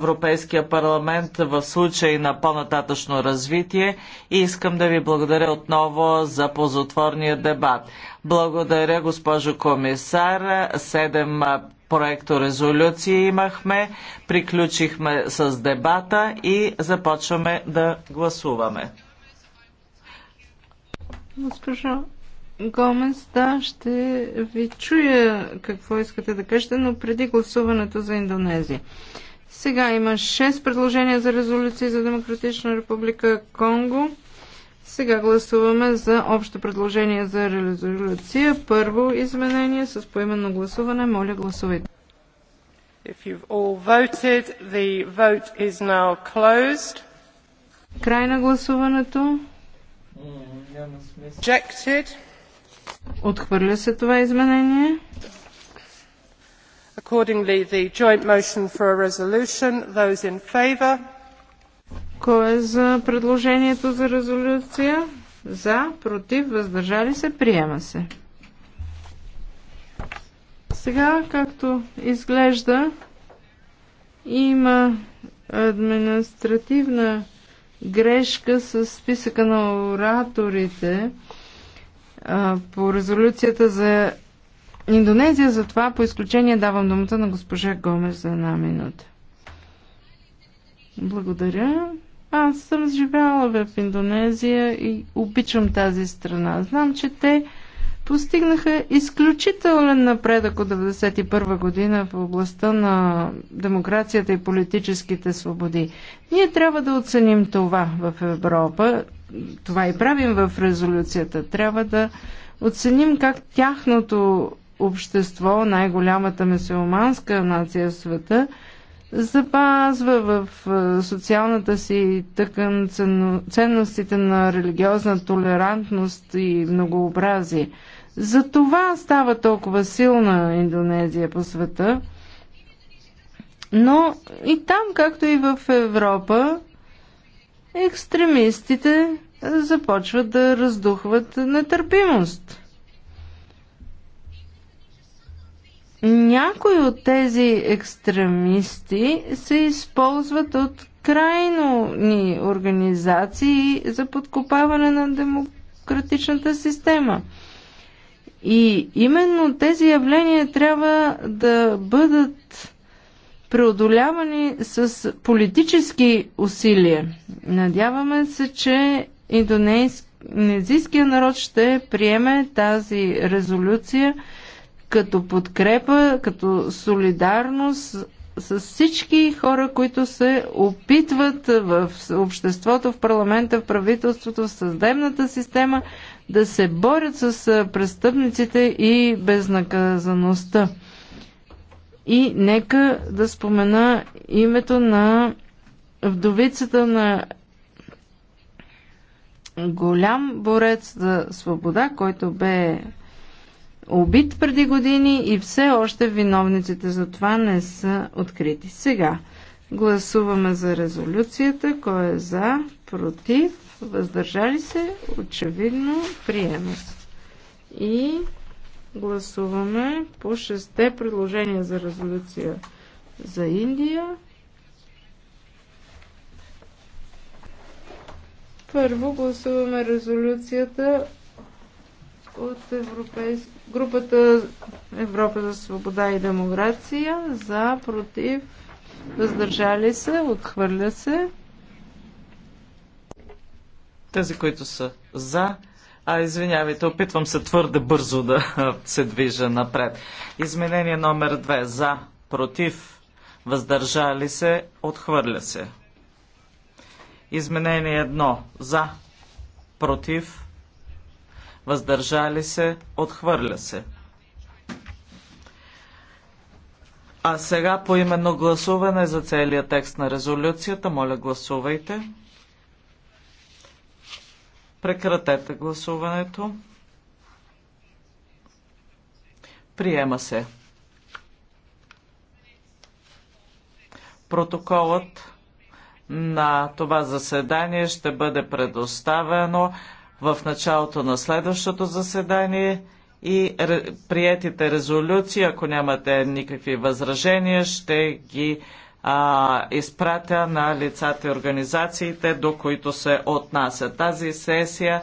Европейския парламент в случай на по-нататъчно развитие и искам да ви благодаря отново за позотворния дебат. Благодаря, госпожо комисар. Седем проекто резолюции имахме, приключихме с дебата и започваме да гласуваме. Госпожо Гомес, да, ще ви чуя какво искате да кажете, но преди гласуването за Индонезия. Сега има 6 предложения за резолюции за Демократична република Конго. Сега гласуваме за общо предложение за резолюция. Първо изменение с поименно гласуване. Моля гласувайте. If you've all voted, the vote is now closed. Край на гласуването. Rejected. Отхвърля се това изменение. Accordingly, the joint motion for a resolution, those in favor. Кой е за предложението за резолюция? За, против, въздържали се, приема се. Сега, както изглежда, има административна грешка с списъка на ораторите по резолюцията за Индонезия, затова по изключение давам думата на госпожа Гомес за една минута. Благодаря. Аз съм живяла в Индонезия и обичам тази страна. Знам, че те постигнаха изключителен напредък от 1991 година в областта на демокрацията и политическите свободи. Ние трябва да оценим това в Европа. Това и правим в резолюцията. Трябва да оценим как тяхното общество, най-голямата мусулманска нация в света, запазва в социалната си тъкан ценностите на религиозна толерантност и многообразие. За това става толкова силна Индонезия по света. Но и там, както и в Европа, екстремистите започват да раздухват нетърпимост. Някои от тези екстремисти се използват от крайно ни организации за подкопаване на демократичната система. И именно тези явления трябва да бъдат преодолявани с политически усилия. Надяваме се, че индонезийския народ ще приеме тази резолюция като подкрепа, като солидарност с всички хора, които се опитват в обществото, в парламента, в правителството, в съдебната система да се борят с престъпниците и безнаказаността. И нека да спомена името на вдовицата на голям борец за свобода, който бе убит преди години и все още виновниците за това не са открити. Сега гласуваме за резолюцията. Кой е за, против, въздържали се, очевидно приема се. И гласуваме по шесте предложения за резолюция за Индия. Първо гласуваме резолюцията от Европейс... групата Европа за свобода и демокрация за, против, въздържали се, отхвърля се. Тези, които са за, а извинявайте, опитвам се твърде бързо да се движа напред. Изменение номер 2 за, против, въздържали се, отхвърля се. Изменение едно. за, против, въздържали се, отхвърля се. А сега по именно гласуване за целият текст на резолюцията. Моля, гласувайте. Прекратете гласуването. Приема се. Протоколът на това заседание ще бъде предоставено в началото на следващото заседание и приятите резолюции, ако нямате никакви възражения, ще ги а, изпратя на лицата и организациите, до които се отнася. Тази сесия